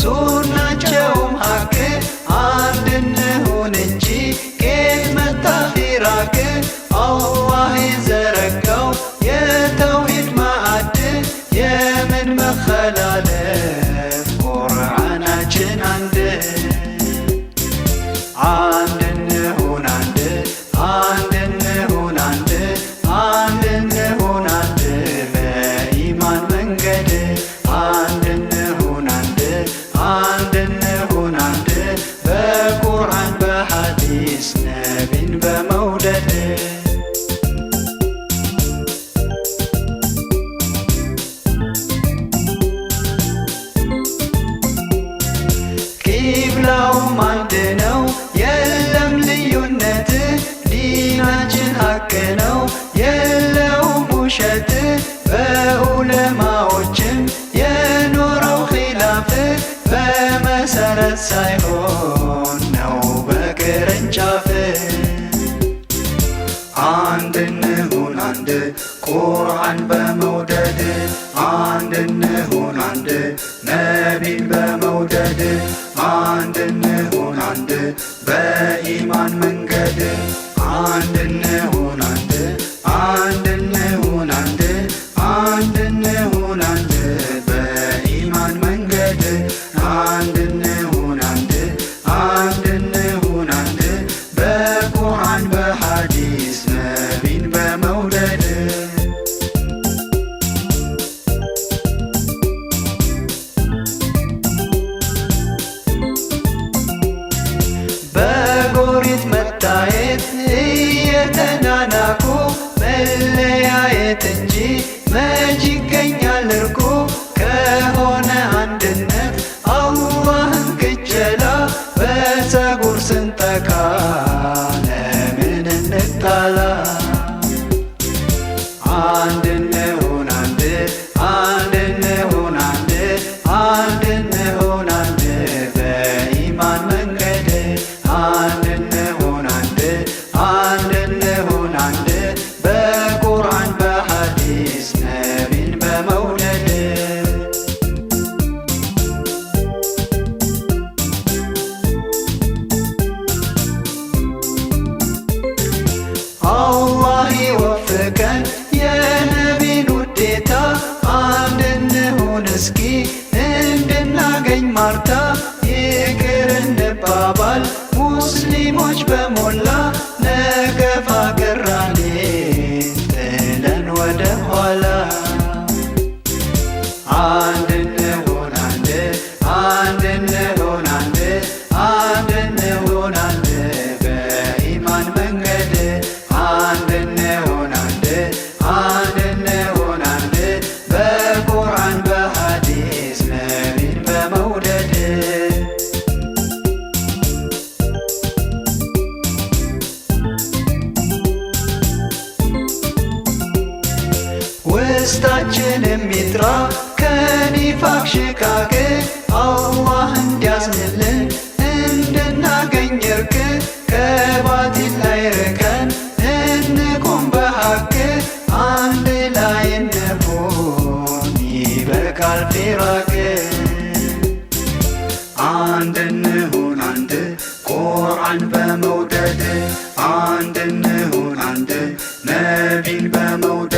ሱናቸውም ሀቅ አንድ እንሁን እንጂ ቄስ መጣ ፊራቅ አላህ የዘረጋው የተውሂድ ማዕድ የምን መኸላለል እኔን በመውደድ ቂብላውም አንድ ነው፣ የለም ልዩነት። ዲናችን ሀቅ ነው፣ የለውም ውሸት። በዑለማዎችም የኖረው ኺላፍ በመሰረት ሳይሆን ነው በቅርንጫፍ አንድ ቁርአን በመውደድ አንድ እንሁን አንድ ነቢን በመውደድ አንድ እንሁን አንድ በኢማን መንገድ አንድ እንሁን አንድነት እንጂ መች ይገኛል እርቁ ከሆነ አንድነት አላህን ግጀላ በፀጉር ስንጠቃ ቀን የነቢን ውዴታ አንድ እንሁን እስኪ እንድናገኝ ማርታ ይቅር እንባባል ሙስሊሞች በሞላ ደስታችን የሚጥራ ከኒፋቅ ሽቃግር አላህ እንዲያዝንልን እንድናገኝ እርቅ ከባቲል አይርቀን እንቁም አንድ ላይ እንሁን ይበቃል ፊራቅ አንድ እንሁን አንድ ቁርአን በመውደድ አንድ እንሁን አንድ ነቢን በመውደድ